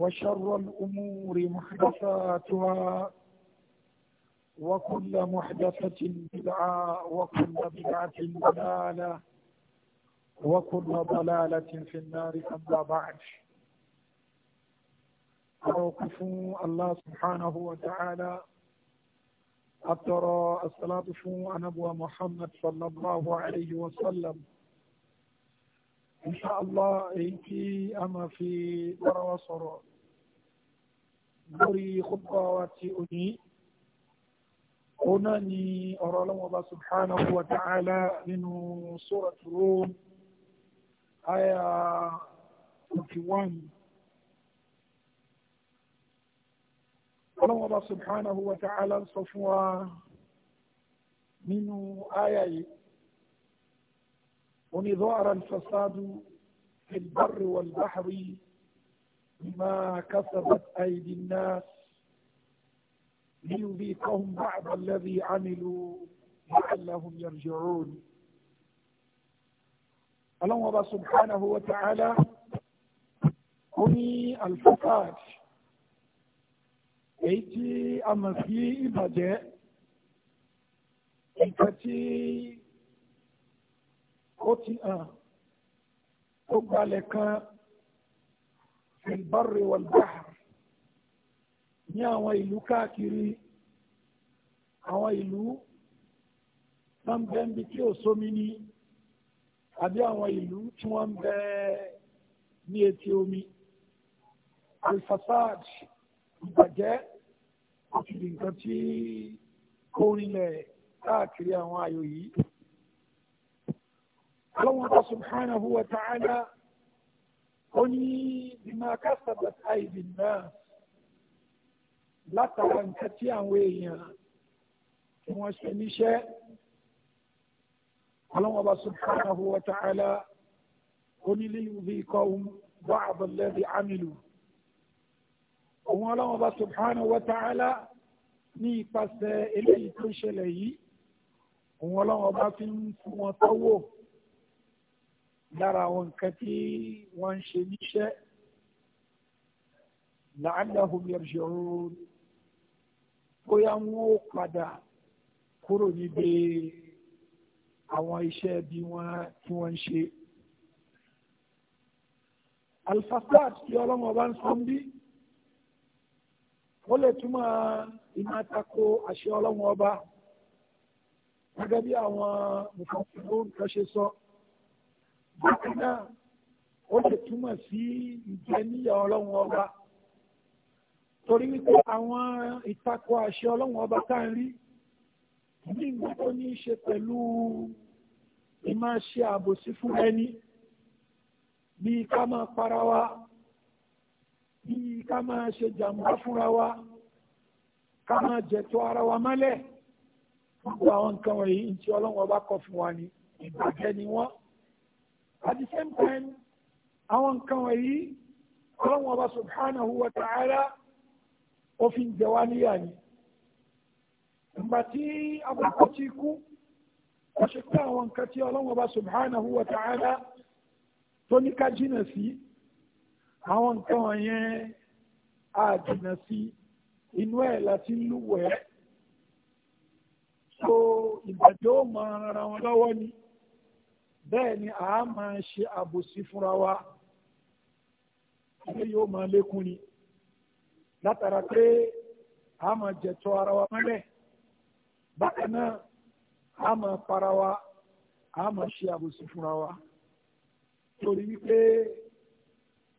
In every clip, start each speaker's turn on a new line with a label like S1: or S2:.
S1: وشر الأمور محدثاتها وكل محدثة بدعة وكل بدعة ضلالة وكل ضلالة في النار أما بعد أوقف الله سبحانه وتعالى أترى الصلاة أن أبو محمد صلى الله عليه وسلم إن شاء الله إنتي أما في دار وصرات lórí kópa wa ti òní òun náà ni ọ̀rọ̀ ọlọ́mọba subhanahu wa ta'ala nínú suratu Rum aya 21 ọlọ́mọba subhanahu wa ta'ala sọ fún wa nínú aya yìí òní ظهر الفساد في البر والبحر بما كسبت أيدي الناس ليذيقهم بعض الذي عملوا لعلهم يرجعون الله سبحانه وتعالى هم الفساد èyí tí a mọ̀ sí ìbàjẹ́ ó ti hàn ó gbalẹ̀ kan البر والبحر ní àwọn ìlú káàkiri àwọn ìlú wọ́n bẹ ń bi tí ò sómi ní àbí àwọn ìlú tí wọ́n bẹ ní etí omi alfasad ìbàjẹ́ òkìlì nǹkan tí kó rinlẹ̀ káàkiri àwọn ayò yìí. Allah subhanahu wa ta'ala ó ní bímọ kásábà àìdì náà látara nǹkan tí àwọn èèyàn tí wọ́n ṣe níṣẹ́ ọlọ́wọ́n bá subhanahu wa ta'ala ó ní liyudhiqahum ba'd alladhi amilu òun ọlọ́wọ́n bá subhanahu wa ta'ala ní ipasẹ̀ eléyìí tó ṣẹlẹ̀ yìí òun ọlọ́wọ́n bá fi ń fún wọn tọ́wọ́ lára àwọn nǹkan tí wọ́n ń ṣe níṣẹ́ la'allahum yarji'un bóyá wọn ó padà kúrò níbi àwọn iṣẹ́ bí wọ́n tí wọ́n ń ṣe. alfasad tí ọlọ́mọ ń sọ ń bí ó lè túmọ̀ ìmọ̀tako àṣẹ ọlọ́mọ gẹ́gẹ́ bí àwọn mùsùlùmí ló ń kọ́ ṣe sọ. So bákan náà ó lè túmọ̀ sí ìjẹníyà ọlọ́run ọba torí wípé àwọn ìtakò àṣẹ ọlọ́run ọba tá ń rí ní ìgbà tó ní í ṣe pẹ̀lú ìmáa ṣe àbòsí fún ẹni bíi ká máa para wa bíi ká máa ṣe jàǹbá fúnra wa ká máa jẹ̀tọ́ ara wa mọ́lẹ̀ gbogbo àwọn nǹkan wọ̀nyí tí ọlọ́run ọba kọ̀ fún wa ní ìbàjẹ́ ni wọ́n at the same time àwọn nǹkan wọ̀nyí ọlọ́run ọba subhanahu wa ta'ala òfin jẹwa níyà ni ìgbà tí abúlé ti kú wọ́n ṣe pé àwọn nǹkan tí ọlọ́run ọba subhanahu wa ta'ala tó ní ká jìnà sí àwọn nǹkan wọ̀nyẹn á jìnà sí inú ẹ̀ láti lúwẹ̀ẹ́ so ìgbàjọ́ máa rara wọn lọ́wọ́ ni. bẹ́ẹ̀ ni a máa ṣe àbòsí fúnra wa ilé yóò máa lékún ni látara pé a máa jẹ̀tọ́ ara wa mọ́lẹ̀ bákan náà a máa para wa a máa ṣe àbòsí fúnra wa torí wípé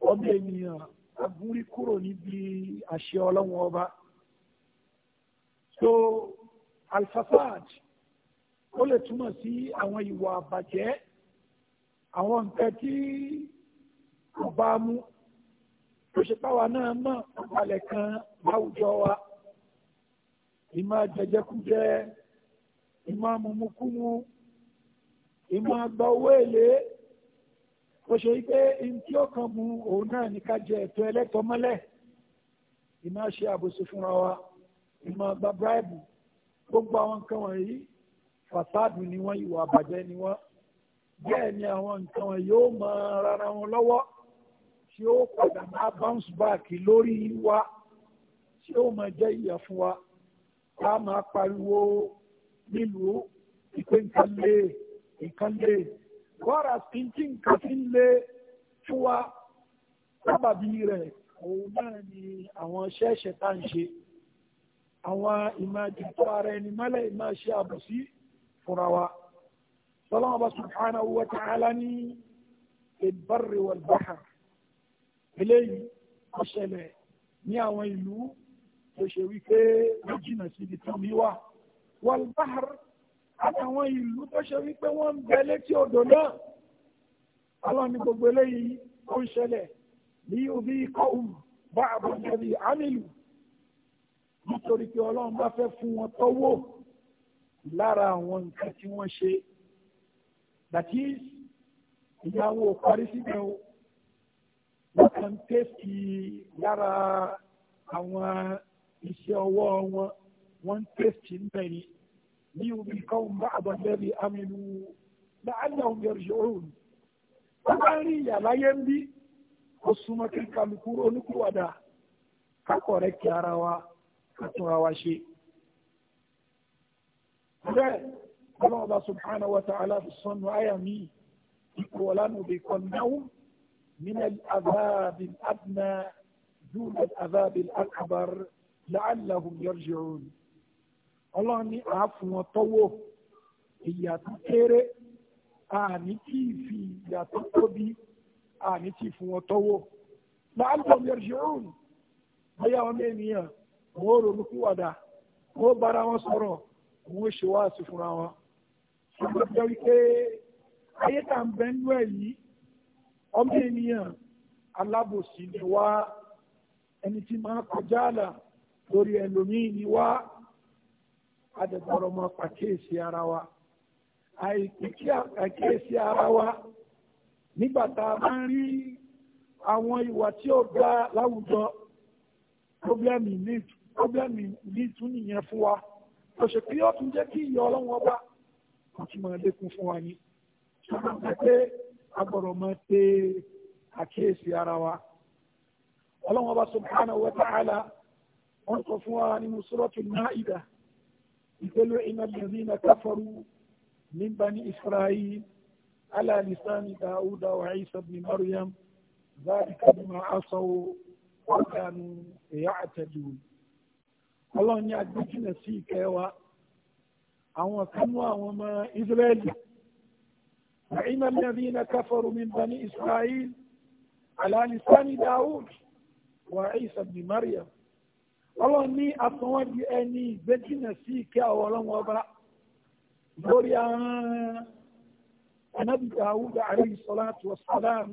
S1: ọmọ ènìyàn agúnrí kúrò níbi àṣẹ ọlọ́wọ́n ọba so alfasad ó lè túmọ̀ sí àwọn ìwà àbàjẹ́ àwọn nǹkan tí ọba mú tó ṣe páwa náà mọ̀ ọ̀pàlẹ̀ kan láwùjọ wa ìmọ̀ jẹjẹkújẹ ìmọ̀ mumukumu ìmọ̀ àgbà owó èlé ó ṣe pé tí ó kàn òun náà ní ká jẹ ẹ̀tọ́ ẹlẹ́tọ́ mọ́lẹ̀ ìmọ̀ ṣe àbòsí fúnra wa ìmọ̀ àgbà bíráìbù gbogbo àwọn nǹkan wọ̀nyí fàsáàdù ni wọ́n ìwà àbàjẹ́ ni wọ́n bẹ́ẹ̀ ni àwọn nǹkan yóò mọ rárá wọn lọ́wọ́ tí ó padà máa bounce back lórí wa tí ó mọ jẹ́ ìyà fún wa a máa pariwo nílùú ìpé nǹkan lé nǹkan lé wàrà tí tí nǹkan fi ń lé fún wa sábàbí rẹ̀ òun náà ni àwọn ṣẹ́ẹ̀ṣẹ̀ tá ń ṣe àwọn ìmọ̀ ìdìbò ara ẹni mọ́lẹ̀ ìmọ̀ ṣe àbòsí fúnra wa sọlọ́wọ́ bá subhanahu wa ta'ala ní al-barri wal-bahr eléyìí ó ṣẹlẹ̀ ní àwọn ìlú tó ṣe wípé wọ́n jìnnà síbi tó ní wà wal-bahr àtàwọn ìlú tó ṣe wípé wọ́n ń bẹ létí odò náà ọlọ́ni gbogbo eléyìí ó ń ṣẹlẹ̀ ní orí ikọ̀ òun bá àbọ̀jẹ̀bí àmìlù nítorí pé ọlọ́run bá fẹ́ fún wọn tọ́wọ́ lára àwọn nǹkan tí wọ́n ṣe that is ìyàwó parí síbẹ̀ o wọ́n kàn tẹ́sí lára àwọn iṣẹ́ ọwọ́ wọn wọ́n tẹ́sí níbẹ̀ ni ní omi káwọn bá àbọ̀lẹ́rì amínú láàrín àwọn yẹrìṣẹ́ òun wọ́n bá rí ìyà láyé ń bí ó súnmọ́ kí kálukú olúkúwàdà kákọ̀ rẹ̀ kí ara wa ká wa ṣe ọlọ́ọ̀bá subhanahu wa ta'ala fi sọnù àyà mi ipò ọ̀lànàbẹ̀kọ̀nàwó nílẹ̀ àbábí adnà dúró àbábí akbar la'allahum yarji'un ọlọ́run ní àáfún wọn tọ́wọ́ ìyà tó kéré àní tí fi ìyà tó tóbi àní tí fún wọn tọ́wọ́ la'allahum yarji'un bóyá wọn ènìyàn wọn ò ronú kúwàdà wọn bára wọn sọ̀rọ̀ wọn ṣe wá sí fúnra wọn ṣùgbọ́n jẹ́ wípé ayé tá à ń bẹ́ńdú ẹ̀ yìí ọmọ ènìyàn alábòsí ni wá ẹni tí máa kọjá àlà lórí ẹlòmíì ni wá adẹ̀bọ̀rọ̀ máa pàkíyèsí ara wa àìpàkíyèsí ara wa nígbà tá a bá ń rí àwọn ìwà tí ó dá láwùjọ pọ́blẹ́mì ní ìtún nìyẹn fún wa kò ṣe pé ó tún jẹ́ kí ìyọ ọlọ́run ọba kò tún máa lékún fún wa ní. ṣùgbọ́n mo pé a gbọ́dọ̀ máa tẹ àkíyèsí ara wa. ọlọ́run ọba subhanahu wa ta'ala wọ́n sọ fún wa nínú suratul Ma'idah ìpele iná lẹ́sìn kafaru min bani Isra'il ala lisani Dawuda wa Isa ibn Maryam ذلك بما عصوا وكانوا يعتدون. ọlọ́run ní agbẹ́jìnà sí ìkẹwàá àwọn kanú àwọn ọmọ israẹli àìmọ alladhina kafaru min bani israẹli ala lisani dawud wa isa ibn maryam ọlọ́run ní àtọwọ́n di ẹni ìgbẹ́jìnà sí ìkẹ́ àwọn ọlọ́run ọba lórí àwọn anábì dawud alayhi salatu wassalam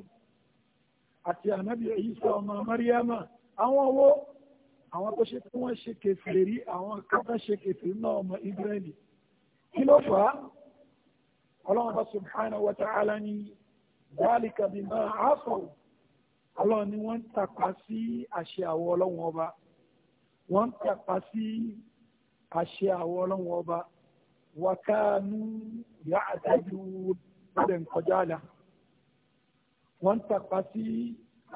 S1: àti anábì isa ọmọ maryama àwọn owó àwọn tó ṣe tí wọ́n ṣe kèfèrí àwọn kan ṣe kèfèrí náà ọmọ israẹli kí ló fà á ọlọ́run bá subhanahu wa ta'ala ní dhalika bima asaw ọlọ́run ni wọ́n ń tàpá sí àṣẹ àwọ̀ ọlọ́run ọba wọ́n ń tàpá sí àṣẹ àwọ̀ ọlọ́run ọba wa kanu ya'tadun lọ́dẹ̀ ń àlà wọ́n tàpá sí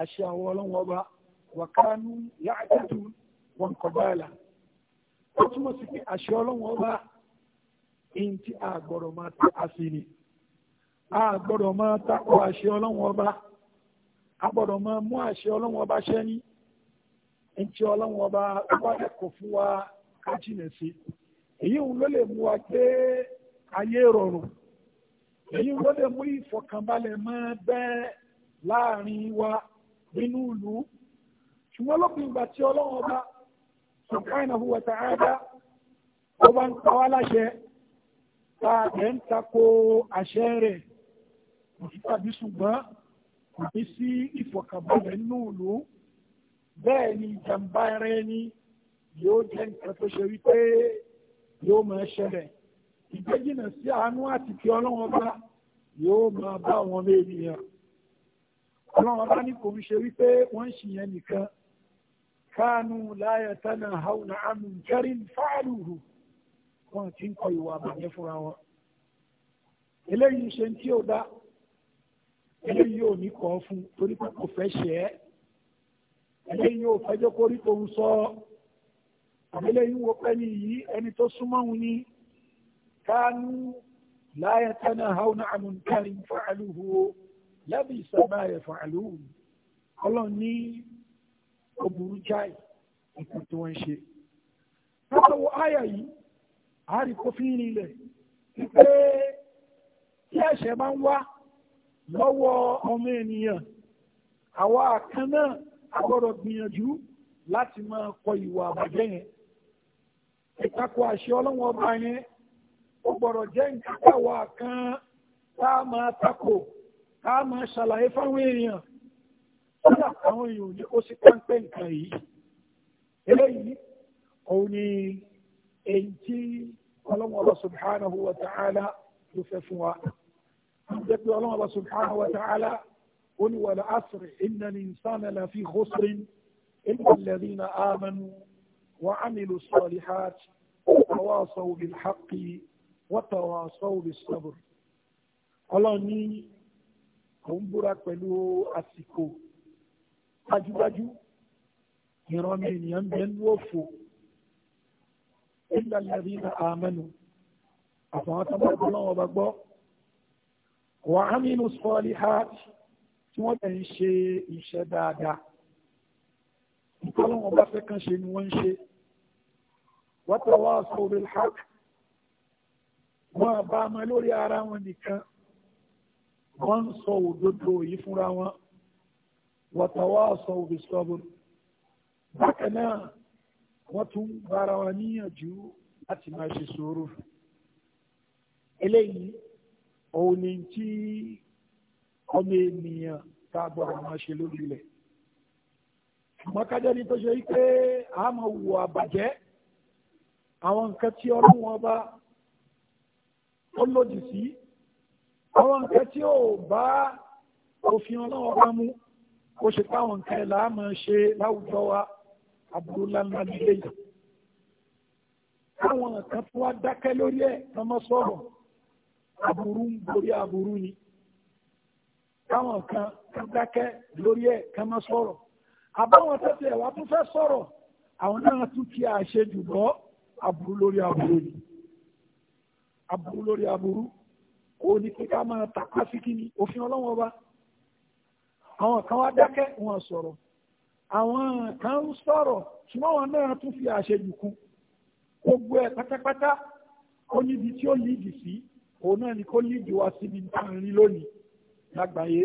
S1: àṣẹ àwọ̀ ọlọ́run ọba wa kanu ya'tadun wọ́n kọjá àlà ó túmọ̀ sí pé àṣẹ ọlọ́run ọba èyí tí a máa ta àṣì a àṣẹ ọba a máa mú àṣẹ ọba ṣẹ́ ní èyí ọba wá kò fún wa ká sí èyí òun ló ayé rọrùn èyí òun ló lè mú ìfọ̀kànbalẹ̀ máa bẹ́ẹ̀ láàrin wa nínú ìlú ṣùgbọ́n lópin ìgbà tí ọba wa ta'ala ó ta ẹ̀ ń tako àṣẹ rẹ̀ kò sí tàbí ṣùgbọ́n kò ní sí ìfọ̀kànbalẹ̀ nínú ìlú bẹ́ẹ̀ ni ìjàmbá ara ẹni yóò jẹ́ nǹkan tó ṣe wípé yóò máa ṣẹlẹ̀ ìgbéjìnà sí àánú àti kí ọlọ́wọ́n bá yóò máa bá wọn léèyàn ọlọ́wọ́n bá ní kò ń ṣe wípé wọ́n ń ṣìyẹn nìkan kánú láyàtánà haúnà àmì kẹrin fáàlùrù wọn ti ń kọ ìwà àbàjẹ́ fúnra wọn eléyìí ṣe tí ó dá eléyìí ò ní kọ́ fún torí pé kò fẹ́ ṣe é eléyìí ò fẹ́ jẹ́ kó rí sọ eléyìí wo pẹ́ni yìí ẹni tó súnmọ́ òun ni kánú la yatanahawna an munkarin fa'aluhu labisa ma yaf'alun ọlọ́run ní ó jáì ìpò tí ṣe. Wọ́n sọ wọ yìí àárí kó fi ń rinlẹ̀ pé tí ẹ̀ṣẹ̀ máa ń wá lọ́wọ́ ọmọ ènìyàn àwa kan náà a gbìyànjú láti máa kọ ìwà àbàjẹ́ yẹn ìtakò àṣẹ ọlọ́wọ́ ọba yẹn ó gbọ́dọ̀ jẹ́ nǹkan táwa kan tá a máa takò tá a máa ṣàlàyé fáwọn èèyàn èèyàn ò ní kó sí ni. èyí tí ọlọ́mọba subhanahu wa ta'ala ló fẹ́ fún wa jẹ́ pé ọlọ́mọba subhanahu wa ta'ala ó ní wal asri innal insana lafi khusrin illa alladhina amanu wa amilu salihat watawasaw bil haqqi watawasaw bis sabr ọlọ́ni òun búra pẹ̀lú àsìkò dájúdájú ìrọ̀mí ènìyàn bẹ́ẹ̀ ní òfò illa alladhina amanu àfàwọn tó bá gbọ́ lọ́wọ́ bá gbọ́ wa aminu salihat tí wọ́n tẹ̀ ń ṣe iṣẹ́ dáadáa nǹkan lọ́wọ́ bá fẹ́ kàn ṣe ni wọ́n ń ṣe wa tawasaw bil haqq wọ́n bá ọmọ lórí ara wọn nìkan wọ́n ń sọ òdodo yìí fúnra wọn wa tawasaw bis sabr bákan náà wọ́n tún bára wa níyànjú láti máa ṣe sùúrù eléyìí òun ni tí ọmọ ènìyàn tá a gbọ́dọ̀ máa ṣe lórí ilẹ̀ ṣùgbọ́n kájọ́ ni tó ṣe wípé a máa wo àbàjẹ́ àwọn nǹkan tí ọlọ́run ọba ó lòdì sí àwọn nǹkan tí ó bá òfin ọlọ́run ọba mú kó ṣe pé nǹkan ẹ̀ là á máa ṣe láwùjọ wa abúlánlá nílé yìí àwọn kan tó wá dákẹ́ lórí ẹ̀ lọ́mọ sọ̀rọ̀ aburú ń borí aburú ni káwọn kan kan dákẹ́ lórí ẹ̀ kọ́mọ sọ̀rọ̀ àbáwọn tẹ́tẹ́ ẹ̀wà tó fẹ́ sọ̀rọ̀ àwọn náà tún kí àṣejù bọ́ aburú lórí aburú ni aburú lórí aburú ó ní pé ká máa tàpá sí ni òfin ọlọ́wọ́n bá àwọn kan wá dákẹ́ wọn sọ̀rọ̀ àwọn kan ń sọ̀rọ̀ ṣùgbọ́n wọn náà tún fi àṣejù kún gbogbo ẹ̀ pátápátá ó níbi tí ó lídì sí òun náà ni kó lídì wá síbi láàrin lónìí lágbàáyé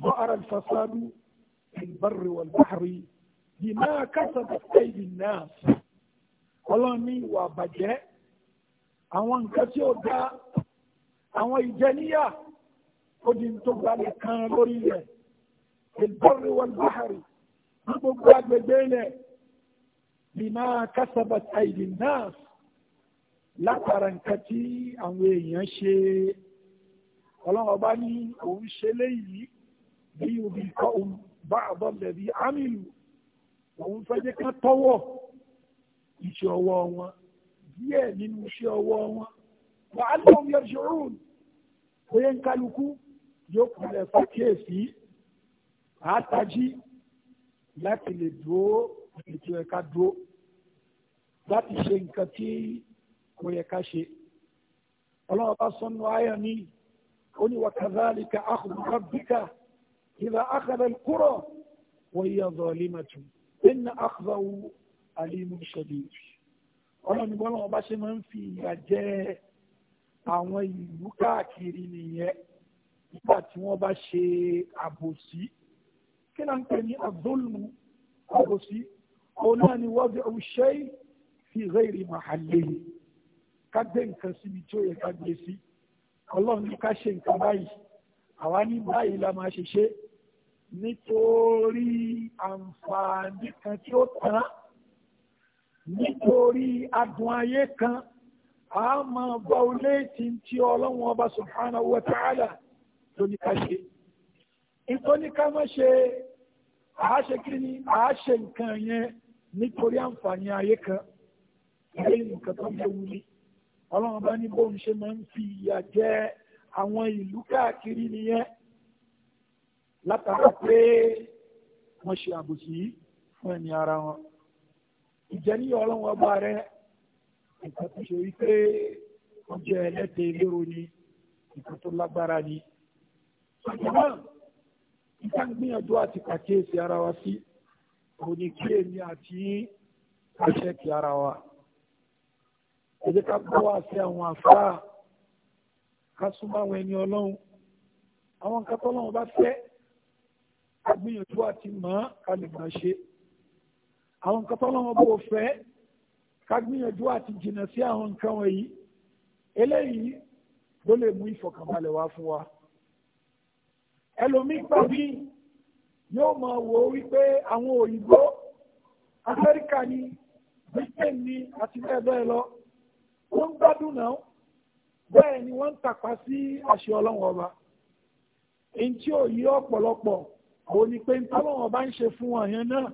S1: bọ́ ara ìfasádù ìbárẹ̀ wal bahri bí máa kásàbà ẹ̀yìn náà ọlọ́ọ̀ni ìwà àbàjẹ́ àwọn nǹkan tí ó dá àwọn ìjẹníyà ó di tó gbalẹ̀ kan lórí rẹ̀ bilbirri wal bahari ní gbogbo agbègbè ilẹ̀ bima kasabat aidi nas látara nǹkan tí àwọn èèyàn ṣe ọlọ́run ọba ní òun ṣe léyìí bí omi kọ́ òun bá àbọ̀ lẹ̀bi amílù òun fẹ́ jẹ́ ká tọ́wọ̀ iṣẹ́ ọwọ́ wọn díẹ̀ nínú iṣẹ́ ọwọ́ wọn wà á lọ́wọ́ yẹn ṣòro òye ń kálukú yóò kúnlẹ̀ fàkíyèsí àátají láti lè dúró ètò ẹ̀ka dúró láti ṣe nǹkan tí kò yẹ ká ṣe. ọlọ́run bá sọnù ayọ̀ ní oní wa kadhalika akhdu rabbika idha akhadha al-qura wa hiya zalimatun inna akhdahu alimun shadid. ọlọ́run bọ́lọ́run bá ṣe máa ń fi ìyà jẹ àwọn ìlú káàkiri nìyẹn nígbà tí wọ́n bá ṣe àbòsí kí náà ń pè ní àdólù àbòsí òun náà ni wọ́n fi ọ̀ṣẹ́ fi ghairi mahallihi ká gbé nǹkan síbi tí ó yẹ ká gbé sí ọlọ́run ní ká ṣe nǹkan báyìí àwa ní báyìí la máa ṣe ṣe nítorí àǹfààní kan tí ó tán nítorí adùn ayé kan a máa bá o léètì tí ọlọ́run ọba subhanahu wa tó ní ká ṣe nítorí ká má ṣe àáṣe kí ni àáṣe nǹkan yẹn nítorí àǹfààní ayé kan ilé nǹkan tó léwu ni ọlọ́run bá ní bóun ṣe máa ń fi ìyà jẹ àwọn ìlú káàkiri nìyẹn látara pé wọ́n ṣe àbòsí fún ẹni ara wọn ìjẹniyà ọlọ́run ọba rẹ nǹkan tó ṣe wípé wọ́n jẹ ẹlẹ́tẹ̀ẹ́ lérò ni nǹkan tó lágbára ni nígbà gbìyànjú àti pàkíyèsí ara wa sí kò ní kí èmi àti àṣẹkì ara wa ẹ jẹ́ ká bọ́ wá sí àwọn àfáà ká súnmọ́ àwọn ẹni ọlọ́run àwọn nǹkan tọ́lọ́run bá fẹ́ ká gbìyànjú àti mọ̀ ká lè máa ṣe àwọn nǹkan tọ́lọ́run bó fẹ́ ká gbìyànjú àti jìnnà sí àwọn nǹkan wọ̀nyí eléyìí ló lè mú ìfọ̀kànbalẹ̀ wá fún wa ẹlòmíì pàbí yóò mọ̀ wò wípé àwọn òyìnbó amẹ́ríkà ni britain ni àti bẹ́ẹ̀ bẹ́ẹ̀ lọ wọ́n ń gbádùn náà bẹ́ẹ̀ ni wọ́n ń tàpá sí àṣẹ ọlọ́run ọba èyí tí ò yí ọ̀pọ̀lọpọ̀ kò ní pé ntọ́lọ́run ọba ń ṣe fún wọn yẹn náà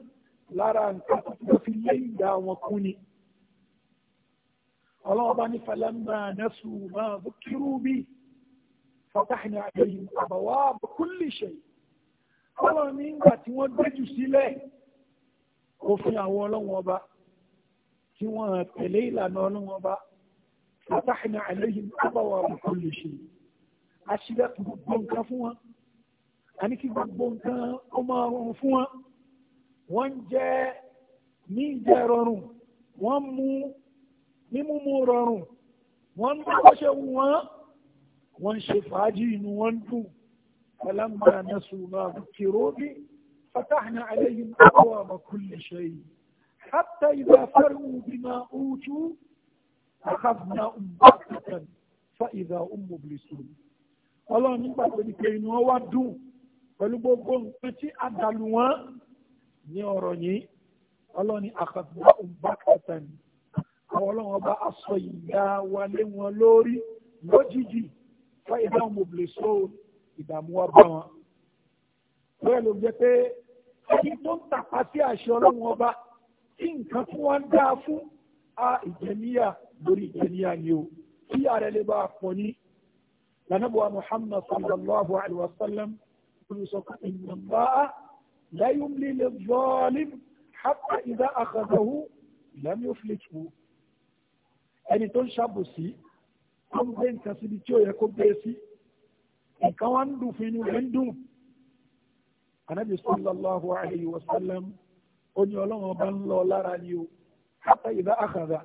S1: lára nǹkan tó fi lé ìgbà wọn kún ni ọlọ́run ọba ní falamma nasu ma dhukiru bi. فتحنا عليهم أبواب كل شيء. ọlọ́run nígbà tí wọ́n gbẹ́jù sílẹ̀ òfin àwọn ọlọ́run ọba tí wọ́n tẹ̀lé ìlànà ọlọ́run ọba fọtáhìnà àjọyìn àbọ̀wọ́ kúlì ṣe aṣílẹ̀ gbogbo nǹkan fún wọn àní kí gbogbo nǹkan ó máa rọrùn fún wọn wọ́n jẹ́ ní ìjẹ́ rọrùn wọ́n mú mímú mú rọrùn wọ́n mú bó ṣe wù wọ́n wọ́n ṣe fàájì inú wọn dùn falamma nasu ma zukiro bi fatahna alayhim abwaaba kulli shay hatta idha faru bima utu akhadnahum baghtatan fa idha hum mublisun ọlọ́run nígbà tó ní pé inú wọn wá dùn pẹ̀lú gbogbo nǹkan tí a dàlù wọn ní ọ̀rọ̀ yìí ọlọ́ni àkàtúntà òǹbàkàtà ni àwọn ọlọ́run ọba aṣọ ìyá wa lé wọn lórí lójijì fún ìdáhùn mòbìlẹ́sọ ìdààmú wa bá wọn. bẹ́ẹ̀ ló jẹ́ pé ẹni tó ń tàpá sí àṣẹ ọlọ́run ọba tí nǹkan tí wọ́n ń dá fún a ìjẹniyà lórí ìjẹniyà ni o kí ààrẹ lè bá a pọ̀ ní. lànàbùwà muhammad sallallahu alayhi wa sallam olùsọ fún ìnàmbá la yumli lidh-dhalim hatta idha akhadhahu lam yuflithu. ẹni tó ń ṣàbòsí ó ń gbé nǹkan síbi tí ó yẹ kó gbé sí nǹkan wá ń dùn fún inú rẹ̀ ń dùn anabi sallallahu alayhi wa sallam ó ọlọ́run ọba ń lọ lára ni o hatta ìdá àkàdá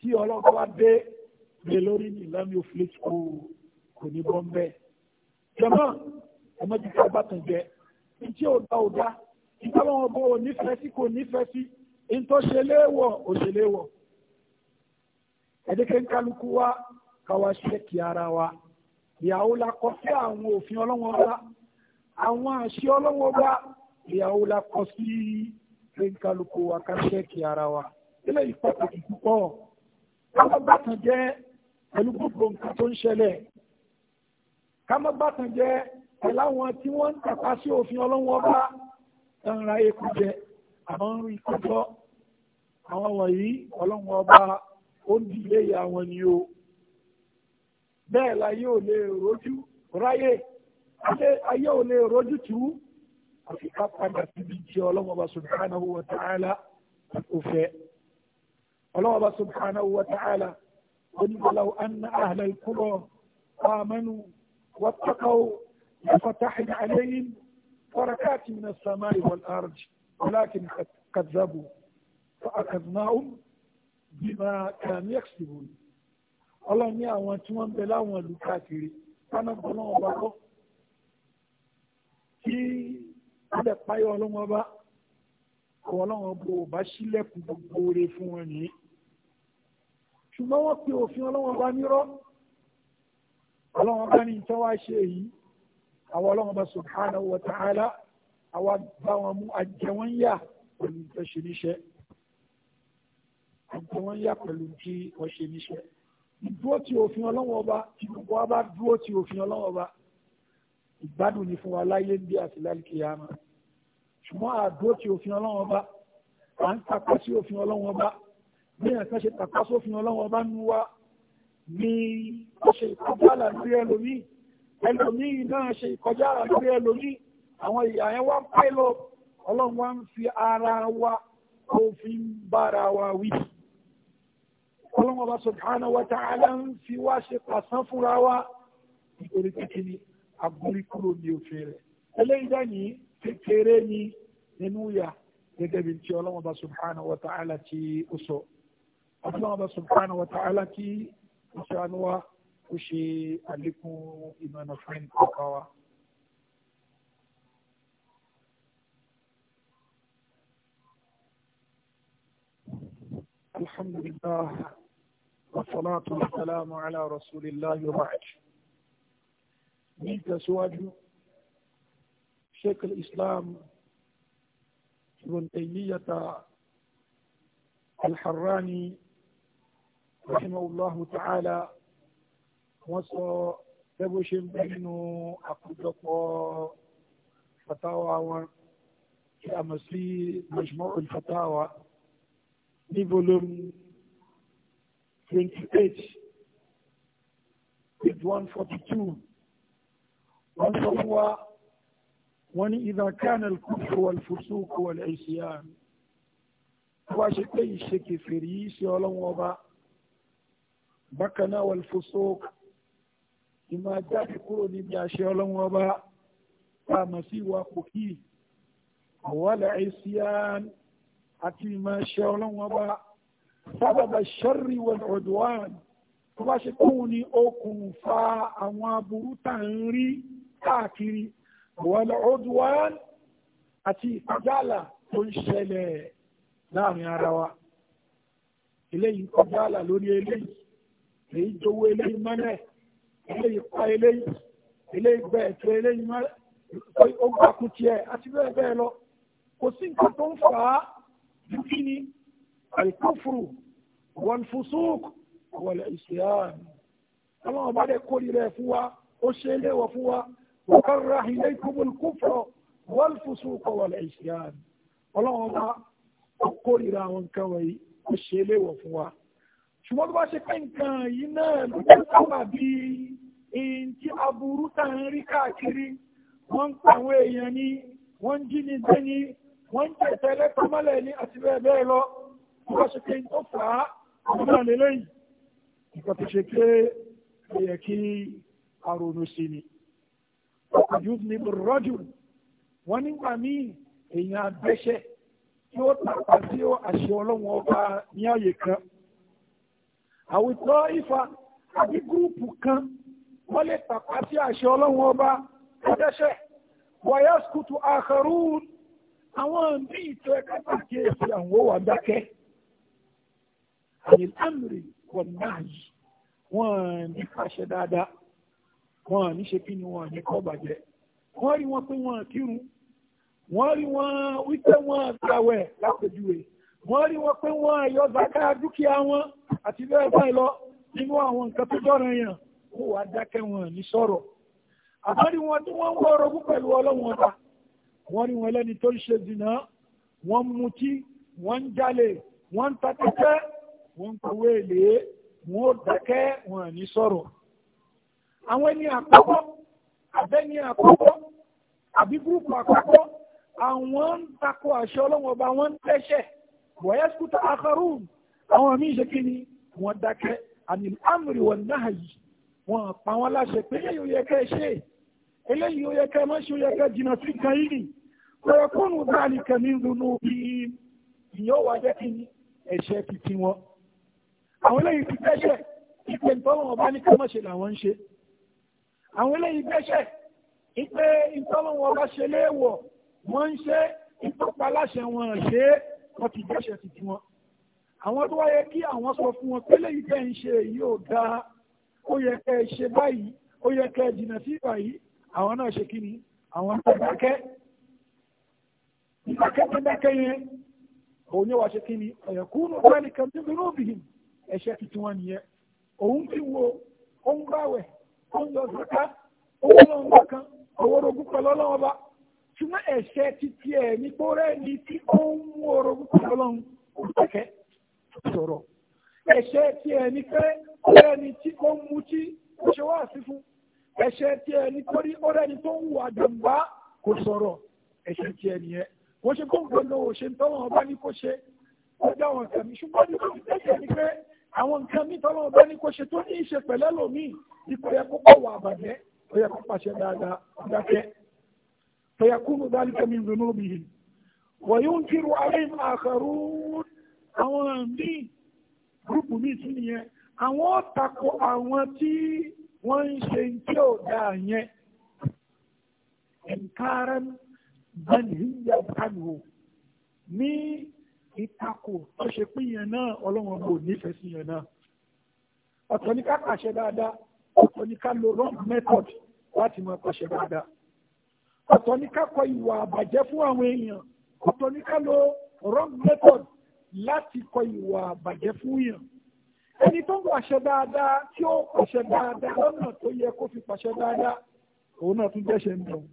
S1: tí ọlọ́run bá dé lè lórí ní ìlànà òfìlẹ́tì kò kò ní bọ́ ń bẹ́ẹ̀. jọ̀mọ́ ẹ̀mọ́jútó ọba tàn jẹ́ ìtí ò dá ò dá ìtọ́lọ́wọ́n bó o nífẹ̀ẹ́ sí kò nífẹ̀ẹ́ sí ìtọ́ṣeléwọ̀ òṣèléwọ̀ ẹ̀dẹ́kẹ́ ń kálukú wá káwa ṣẹ́kì ara wa ìyàwó la kọ sí àwọn òfin ọlọ́wọ́n bá àwọn àṣẹ ọlọ́wọ́n bá ìyàwó la kọ sí pẹ́ńkálukú wa ká ṣẹ́kì ara wa ilé ìpàtàkì púpọ̀ káwa bàtàn jẹ́ pẹ̀lú gbogbo nǹkan tó ń ṣẹlẹ̀ káwa bàtàn jẹ́ pẹ̀lú àwọn tí wọ́n ń tàpá sí òfin ọlọ́wọ́n bá ń eku jẹ àwọn ń rí kọjọ́ àwọn wọ̀nyí ọlọ́wọ́n bá ó ń dìlé ìyá wọn ni o bẹ́ẹ̀ láyé ò lè rojú ráyè ayé ò lè rojú tù ú àfi ká padà síbi jẹ́ ọlọ́mọba subhanahu wa ta'ala òfẹ́ ọlọ́mọba subhanahu wa ta'ala onígbàláwo anna ahla al-qura amanu wattaqaw لفتحنا عليهم بركات من السماء والأرض ولكن كذبوا فأخذناهم بما كانوا يكسبون ọlọ́run ní àwọn tí wọ́n ń bẹ láwọn ìlú káàkiri tánábọ̀ náà bá kọ́ kí ilẹ̀ páyọ̀ ọlọ́wọ́n bá àwọn ọlọ́wọ́n bò bá sílẹ̀kùn gbogbo oore fún wọn nìyí ṣùgbọ́n wọ́n pe òfin ọlọ́wọ́n bá nírọ́ ọlọ́wọ́n bá ní ìtọ́wá ṣe èyí àwọn ọlọ́wọ́n bá subhanahu wa ta'ala àwọn bá wọn mú àjẹwọ́n yà pẹ̀lú ìtọ́ṣe níṣẹ́ àjẹwọ́n yà pẹ̀lú tí wọ́n ṣe níṣẹ́ dúró ti òfin ọlọ́wọ́ ọba tí gbogbo dúró ti òfin ọlọ́wọ́ ọba ìgbádùn ni fún wa láyé ń bí àti lálùkìyàmá ṣùgbọ́n àdúró ti òfin ọlọ́wọ́ ọba à ń tapá sí òfin ọlọ́wọ́ ọba bí ẹ̀ka ṣe tapá sófin ọlọ́wọ́ ọba nu wa ní ṣe ìkọjá àlà lórí ẹlòmíì ẹlòmíì náà ṣe ìkọjá àlà lórí ẹlòmíì àwọn ìyá yẹn wá ń pẹ́ lọ ọlọ́run wá ń fi ara wa òfin bára wa wí ọlọ́run ọba subhanahu wa ta'ala ń fi wá ṣe pàṣán fúnra wa nítorí kékeré ni agbórí kúrò ní òfin rẹ̀ eléyìí dání kékeré ni nínú yà gẹ́gẹ́ bí ti ọlọ́run ọba subhanahu wa ta'ala ti ó sọ ọlọ́run ọba subhanahu wa ta'ala ti ó ṣe àánú ó ṣe àlékún ìmọ̀nà fún ẹnì wa. الحمد لله والصلاة والسلام على رسول الله وبعد نيجا سواجه شيخ الإسلام ابن تيمية الحراني رحمه الله تعالى وصى تبوشن بينه أقدقه فتاوى في أمسي مجموع الفتاوى في 28, page 142. Wọ́n sọ fún wa wọ́n ní ìdàkánà kúrò wàlfùsùkú wàlẹ́sìyàn. Wọ́n ṣe pé ìṣe kèfèrí yìí ṣe ọlọ́wọ́ ọba. Bákan náà wàlfùsùkú ìmọ̀ jáde kúrò níbi àṣẹ ọlọ́wọ́ ọba. Pàmọ̀ sí ìwà kòkí. Wàlẹ́sìyàn àti ìmọ̀ àṣẹ ọlọ́wọ́ ọba sábàbà ṣẹ́rì wal udwan tó bá ṣe kóhun ní okùnfà àwọn aburú tà ń rí káàkiri wal udwan àti ìkọjáàlà tó ń ṣẹlẹ̀ láàrin ara wa eléyìí kọjáàlà lórí eléyìí èyí jowó eléyìí mọ́lẹ̀ eléyìí pa eléyìí eléyìí gbẹ ẹ̀tọ́ eléyìí mọ́lẹ̀ ó gbàkú tiẹ̀ àti bẹ́ẹ̀ bẹ́ẹ̀ lọ kò sí nǹkan tó ń fà á dúkìní alikufuru wọlfusuk wọlẹ islam àwọn ọba dẹ kórìíra ẹ fún wa ó ṣe léwọ fún wa wọkàrà ilé ìkúbùl kúfọ wọlfusuk wọlẹ islam ọlọ́wọ́n ọba ó kórìíra àwọn nǹkan wọ̀nyí ó ṣe léwọ fún wa ṣùgbọ́n tó bá ṣe pé nǹkan yìí náà ló ń sábà bí ìǹtí aburú tá rí káàkiri wọ́n ń pa àwọn èèyàn ní wọ́n ń jí ní gbé ní wọ́n ń tẹ̀tẹ̀ lẹ́tọ́ mọ́lẹ̀ ní àti bẹ́ẹ̀ bẹ́ẹ̀ lọ wọ́n ṣe pé tó fà á ọmọ náà lélẹ́yìn nǹkan tó ṣe pé ó yẹ kí ni. ọkùnrin ní rọ́jù wọ́n nígbà míì èèyàn abẹ́ṣẹ́ tí ó tàpá sí àṣẹ ọlọ́wọ́n ọba ní àyè kan. àwùjọ ifá àbí gúrùpù kan wọ́n lè tàpá sí àṣẹ ọlọ́wọ́n ọba ẹ̀dẹ́ṣẹ̀ wọ́yá skutu àkàrú àwọn míì tó ẹ̀ka àyè lámìrì wọ̀ náà yìí wọ́n ní pàṣẹ dáadáa wọ́n ní ṣe kí ni wọ́n ní kọ́ bàjẹ́ wọ́n rí wọn pé wọ́n kírun wọ́n rí wọn wípé wọ́n gbàwẹ̀ lápẹjúwe wọ́n rí wọn pé wọ́n yọ zaka dúkìá wọn àti bẹ́ẹ̀ báyìí lọ nínú àwọn nǹkan tó jọ̀rọ̀ yàn kó wàá dákẹ́ wọn ní sọ̀rọ̀ àbárí wọn tí wọ́n ń wọ orogún pẹ̀lú ọlọ́wọ́n ọba wọ́n rí wọn lẹ́ni tó ń ṣe zìnà wọ́n mutí wọ́n ń jalè wọ́n ń ta wọ́n ń kówó èlé wọ́n ó dákẹ́ wọn ní sọ̀rọ̀ àwọn ẹni àkọ́kọ́ abẹ́ni àkọ́kọ́ àbí gúrùpù àkọ́kọ́ àwọn ń takò àṣẹ ọlọ́wọ́n ọba wọ́n ń tẹ́ṣẹ̀ wọ́yẹ́sùkútà akharun àwọn míì ṣe kí ni wọ́n dákẹ́ àmì amri wọn náà yìí wọn pa wọn láṣẹ pé eléyìí ó yẹ kẹ́ ṣe eléyìí ó yẹ kẹ́ má ṣe ó yẹ kẹ́ jìnnà sí kan yìí wọ́n kúnnù dáàlì kẹ́mi ń dunú bí ìyẹn ó wà jẹ́ kí ẹ̀ṣẹ̀ titi wọn àwọn eléyìí ti dẹ́ṣẹ̀ ìpè ìtọ́lọ́wọ̀n bá ní ká má ṣe làwọn ń ṣe àwọn eléyìí dẹ́ṣẹ̀ ìpè ìtọ́lọ́wọ̀n bá ṣe léèwọ̀ wọ́n ń ṣe ìtọ́pa láṣẹ wọn ṣe wọ́n ti dẹ́ṣẹ̀ ti ti wọn àwọn tó wáyé kí àwọn sọ fún wọn pé léyìí tẹ́ ń ṣe èyí ò dáa ó yẹ kẹ́ ẹ ṣe báyìí ó yẹ kẹ́ ẹ jìnà sí ìgbà yìí àwọn náà ṣe kí ni àwọn náà dákẹ́ ìdákẹ́ tó dákẹ́ yẹn òun yóò ẹ̀ṣẹ̀ tuntun wọn nìyẹn òun ti wo ó ń gbàwẹ̀ ó ń lọ sọ́ká owó lọ́wọ́ bá kan owó orogún pẹ̀lú ọlọ́wọ́ bá ṣùgbọ́n ẹ̀ṣẹ̀ títí ẹ̀ ní kórẹ́ ni tí ó ń mú orogún pẹ̀lú ọlọ́run kò tẹ̀kẹ́ sọ̀rọ̀ ẹ̀ṣẹ̀ tí ẹ̀ ní pé ọ̀rẹ́ ni tí ó ń mú tí ó ṣe wá sí fún ẹ̀ṣẹ̀ tí ẹ̀ ní torí ọ̀rẹ́ ni tó ń wù àdàmbá kò sọ̀rọ̀ ẹ̀ṣẹ̀ tí ẹ̀ nìyẹn wọ́n ṣe kó ń gbọ́dọ̀ òṣèǹtọ́ wọn ọba ní kó ṣe ọjọ́ àwọn kàmí ṣùgbọ́n ní kò tẹ̀kẹ́ ni pé àwọn nǹkan mi tọ́lọ́ ọba ní kò ṣe tó ní ìṣe pẹ̀lẹ́ lòmí ipò yẹ kó pọ̀ wà àbàjẹ́ ó yẹ kó pàṣẹ dáadáa dákẹ́ fẹ̀yàkúnú dálíkà mi lónú bí i wọ̀nyí ń kírun arim àkàrú àwọn míì gúrùpù míì tún nìyẹn àwọn tako àwọn tí wọ́n ń ṣe tí ò dáa yẹn ẹ̀ńkárán bẹ́ẹ̀ ni ìyá ìkànnì ní ìtakò tó ṣe pín yẹn náà ọlọ́run ọba ò nífẹ̀ẹ́ sí yẹn náà ọ̀tọ̀ ní ká pàṣẹ dáadáa ọ̀tọ̀ ní ká lo wrong method láti mọ pàṣẹ dáadáa ọ̀tọ̀ ní ká kọ ìwà àbàjẹ́ fún àwọn èèyàn ọ̀tọ̀ ní ká lo wrong method láti kọ ìwà àbàjẹ́ fún èèyàn ẹni tó ń pàṣẹ dáadáa tí ó pàṣẹ dáadáa lọ́nà tó yẹ kó fi pàṣẹ dáadáa òun náà tún jẹ́ṣẹ̀ ń dùn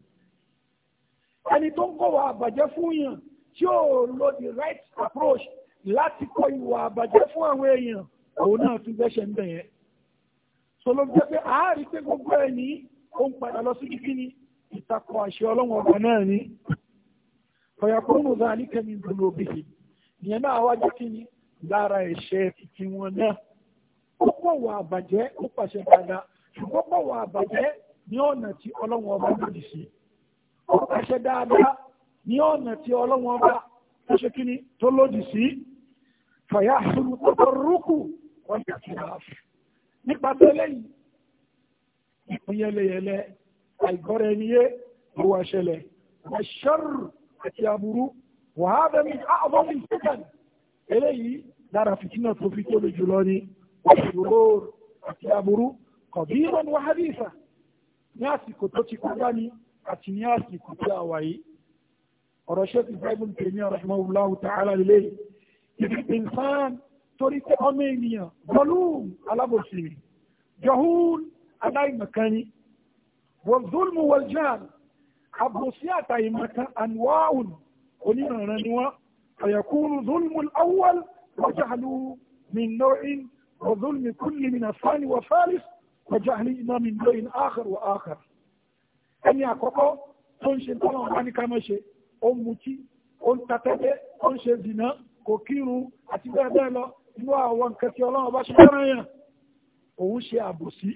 S1: ẹni tó ń kọ̀wà àbàjẹ́ fún èèyàn tí ó lo the right approach láti kọ ìwà àbàjẹ́ fún àwọn èèyàn òun náà tún gbẹ́sẹ̀ ń bẹ̀yẹn so ló jẹ́ pé àárí pé gbogbo ẹ̀ ní ó padà lọ sí ni ìtakò àṣẹ ọlọ́wọ̀n ọ̀gbà náà ní fọyàkùnrin ọ̀gá àníkẹ́ni ìdúró bìí ìyẹn náà wá jẹ́ kí ni lára ẹ̀ṣẹ̀ títí wọn náà ó pọ̀ wà àbàjẹ́ ó pàṣẹ dáadáa ní ọ̀nà tí ọlọ́wọ́n bá tó ṣe kí ni tó lòdì sí fàyà àṣírí tọ́tọ́rúkù wọ́n ti àti àáfù nípa tẹ́lẹ̀ yìí ìpínyẹlẹyẹlẹ àìgọ́rẹ̀ ẹniyé owó àṣẹlẹ̀ àṣọ́rù àti àbúrú wàhálà mi àwọn mi sẹ́kàn eléyìí dára fìtínà tó fi tó lè jùlọ ní àsìkò tó ti kọjá ní àti ní àsìkò tí a wà yìí ọ̀rọ̀ ṣẹ́kì báibùn tèmi rahimahullahu ta'ala lè ìfìfìnsán torí pé ọmọ ènìyàn bọ́lúùn alábòsí ni jọ̀hún aláìmọ̀kánni wọ́n zulmù wal jahl àbòsí àtàìmọ̀kán anwáhùn oníranran ni wọ́n fayakunu zulmù awwal wa jahlu min naw'in wa zulmi kulli min asani wa falis wa jahli imam min naw'in akhar ó ń mutí ó ń tatẹ́tẹ́ ó ń ṣe dìná kò kírun àti bẹ́ẹ̀ bẹ́ẹ̀ lọ inú àwọn nǹkan tí ọlọ́run bá ṣe fẹ́ràn yàn òun ṣe àbòsí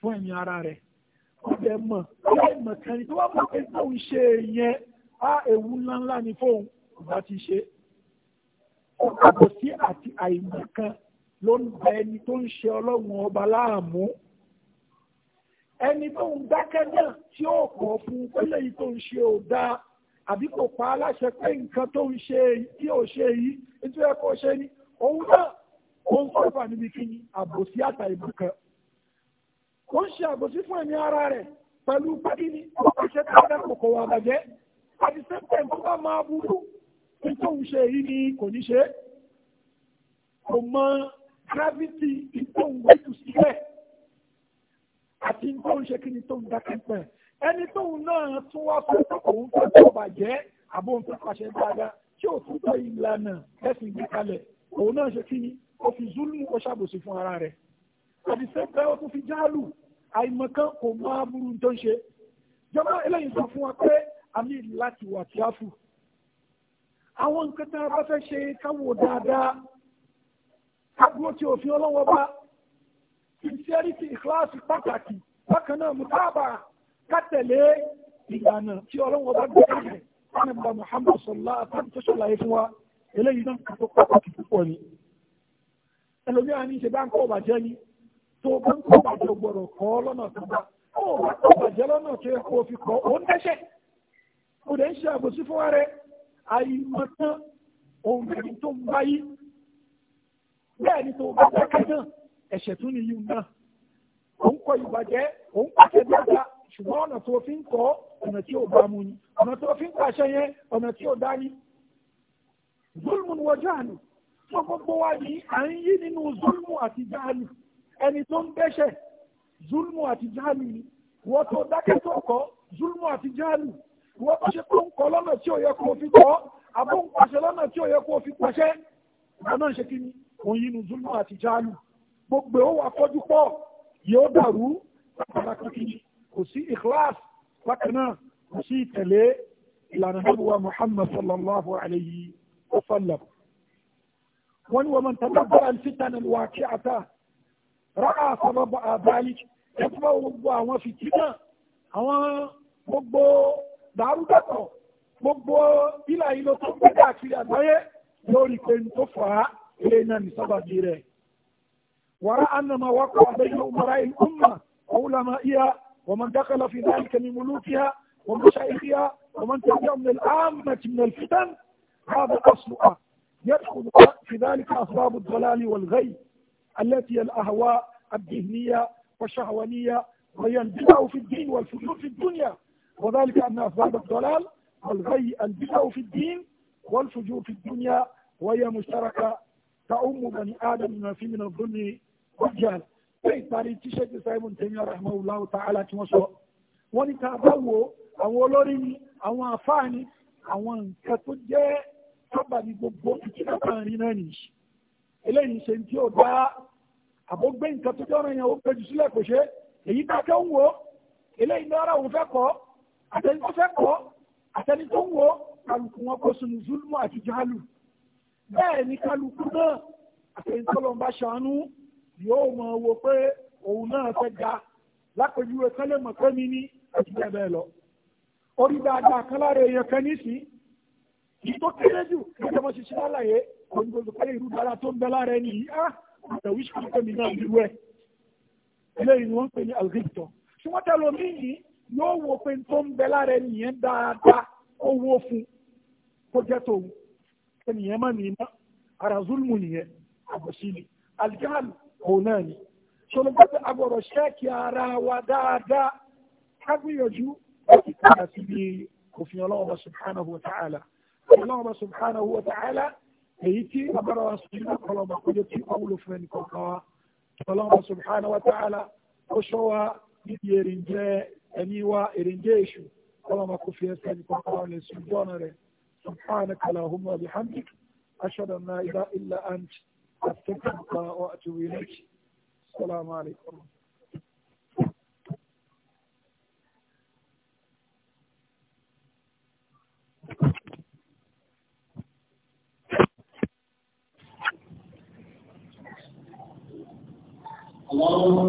S1: fún ẹ̀mí ara rẹ̀ ọ̀dẹ̀ mọ̀ láì mọ̀ kan tó wà mọ̀ pé tóun ṣe yẹn á ewu ńláńlá ni fóun ìgbà ti ṣe àbòsí àti àìmọ̀ kan ló ń bẹ ẹni tó ń ṣe ọlọ́run ọba láàmú ẹni tó ń dákẹ́ náà tí ó kọ̀ fún pẹ́lẹ́ tó ń ṣe ò dáa àbí kò pa aláṣẹ pé nǹkan tó ń ṣe tí ò ṣe yìí nítorí ẹ kò ṣe ni òun náà ó ń sọ́fà níbi kí ni àbòsí àtà ìbùkẹ́ ó ń ṣe àbòsí fún ẹ̀mí ara rẹ̀ pẹ̀lú pẹ́kí ni ó kò ṣe tẹ́lẹ̀ kòkò wà bàjẹ́ àti sẹ́ńtẹ̀ tó bá máa burú ní tó ń ṣe yìí ni kò ní ṣe kò mọ gravity tó ń gbé jù sílẹ̀ àti tó ń ṣe kí ni tó ń dákẹ́ pẹ̀lú ẹni tóun náà tún wá fún òun tó tó bàjẹ́ àbó òun tó pàṣẹ dáadáa tí ò tún tó ìlànà ẹ̀sìn gbé kalẹ̀ òun náà ṣe kí ni ó fi zulu ó ṣàbòsí fún ara rẹ̀ àdìsẹ́pẹ́ ó tún fi jáàlù àìmọ̀kan kò mọ aburú tó ń ṣe jọba eléyìí sọ fún wa pé a ní láti wà kíáfù àwọn nǹkan tá a bá fẹ́ ṣe káwò dáadáa kágbó tí òfin ọlọ́wọ́ bá sincerity ìkíláàsì pàtàkì bákan náà mú tábà kátẹ̀lé ìgbàna tí ọlọ́wọ́ bá gbé kalẹ̀ fún ìgbà Muhammad sọlá àtàkùn tó ṣàlàyé fún wa eléyìí náà kò tó pàtàkì púpọ̀ ni. ẹlòmíràn ní ṣe bá ń kọ́ bàjẹ́ ni tó bá ń kọ́ bàjẹ́ gbọ́dọ̀ kọ́ lọ́nà tó ó bá kọ́ bàjẹ́ lọ́nà tó yẹ kó o fi kọ́ ó ń dẹ́ṣẹ̀ ó dẹ̀ ń ṣe àbòsí fún wa rẹ̀ àyìnbọ̀tán òun bẹ̀rẹ̀ tó ń báyìí ṣùgbọ́n ọ̀nà tó fi ń kọ́ ọ̀nà tí ò bá mu ni ọ̀nà tó fi ń pàṣẹ yẹn ọ̀nà tí ò dá ní. zulmu ni wọ́n jáàlù tó gbogbo wa ní à ń yí nínú zulmu àti jáàlù ẹni tó ń dẹ́ṣẹ̀ zulmu àti jáàlù ni wọ́n tó dákẹ́ tó kọ́ zulmu àti jáàlù wọ́n bá ṣe tó ń kọ́ lọ́nà tí ò yẹ kó fi kọ́ àbó ń pàṣẹ lọ́nà tí ò yẹ kó fi pàṣẹ ọ̀nà ṣe kí ni òun yí nu zulmu àti jáàlù gbogbo ó kọjú pọ̀ yóò dàrú pàtàkì kìíní kò sí ikhlas bákan náà kò sí ìtẹ̀lé ìlànà nàbùwà muhammad sallallahu alayhi wa sallam wọ́n ní wọ́n mọ̀ tàbí bọ́lá ní fìtà ní wà kí ata rárá sábàbà àbáyé ẹ fún gbogbo àwọn fìtínà àwọn gbogbo dàrúdàpọ̀ gbogbo ilà ìlò tó gbé káàkiri àgbáyé lórí pé tó fà á ilé náà ní sábàbí rẹ̀. wàrà umara ìlú ọmọ ọ̀húnlámà ìyá ومن دخل في ذلك من ملوكها ومشايخها ومن تبعهم من العامة من الفتن هذا أصلها يدخل في ذلك أسباب الضلال والغي التي الأهواء الذهنية والشهوانية وهي البدع في الدين والفجور في الدنيا وذلك أن أسباب الضلال والغي البدع في الدين والفجور في الدنيا وهي مشتركة تعم بني آدم ما فيه من الظلم والجهل pé ìparí tí ṣéjì simon tèmi rahimahullahu ta'ala tí wọ́n sọ wọ́n ní ká bá wo àwọn olórí ni àwọn àfáà ni àwọn nǹkan tó jẹ́ sábàbí gbogbo ìtura kan rí náà nìyí eléyìí ṣe tí ó dá àbógbé nǹkan tó jẹ́ ọ̀rọ̀ yẹn ó péjú sílẹ̀ kò ṣe èyí dákẹ́ ń wo eléyìí lọ́rọ̀ òun fẹ́ kọ́ àtẹni tó fẹ́ kọ́ àtẹni tó ń wo kálukú wọn kó sunu zulmu àti jahalu bẹ́ẹ̀ ni kálukú náà àtẹni tó lọ́n yóò mọ̀ wo pé òun náà fẹ́ ga lápèjúwe kálẹ̀ mọ̀ pé mi ní ìjẹ́ bẹ́ẹ̀ lọ. orí dáadáa kan lára èèyàn kan nísìn ìtò kéré jù lọ́jọ́ mọ́ ṣiṣẹ́ lálàyé òun gbogbo pé irú dára tó ń bẹ lára ẹni yìí á àtẹ̀wí ṣùgbọ́n pé mi náà ń lu ẹ̀. eléyìí ni wọ́n ń pè ní algiptọ̀ ṣùgbọ́n tẹ́lọ mí yìí yóò wo pé tó ń bẹ lára ẹni yẹn dáadáa ó wó fún kó jẹ́ tòun ẹni yẹn má nìyẹn ara zulmu nìyẹn àbòsí ni aljahal òun náà ni ṣọlọ gbọ́dọ̀ agbọ̀rọ̀ ṣẹ́ẹ̀kì ara wa dáadáa kágbìyànjú láti padà síbi òfin ọlọ́wọ́ subhanahu wa ta'ala ọlọ́wọ́ subhanahu wa ta'ala èyí tí agbára wa sọ nínú ọlọ́wọ́ àkójọ tí wọ́n wúlò fún ẹnì kọ̀ọ̀kan wa ọlọ́wọ́ subhanahu wa ta'ala ó ṣọ́ wa níbi èrìǹjẹ́ ẹni wa èrìǹjẹ́ èṣù ọlọ́wọ́ kò fi ẹsẹ̀ أستكبرك وأتوب إليك السلام عليكم اللهم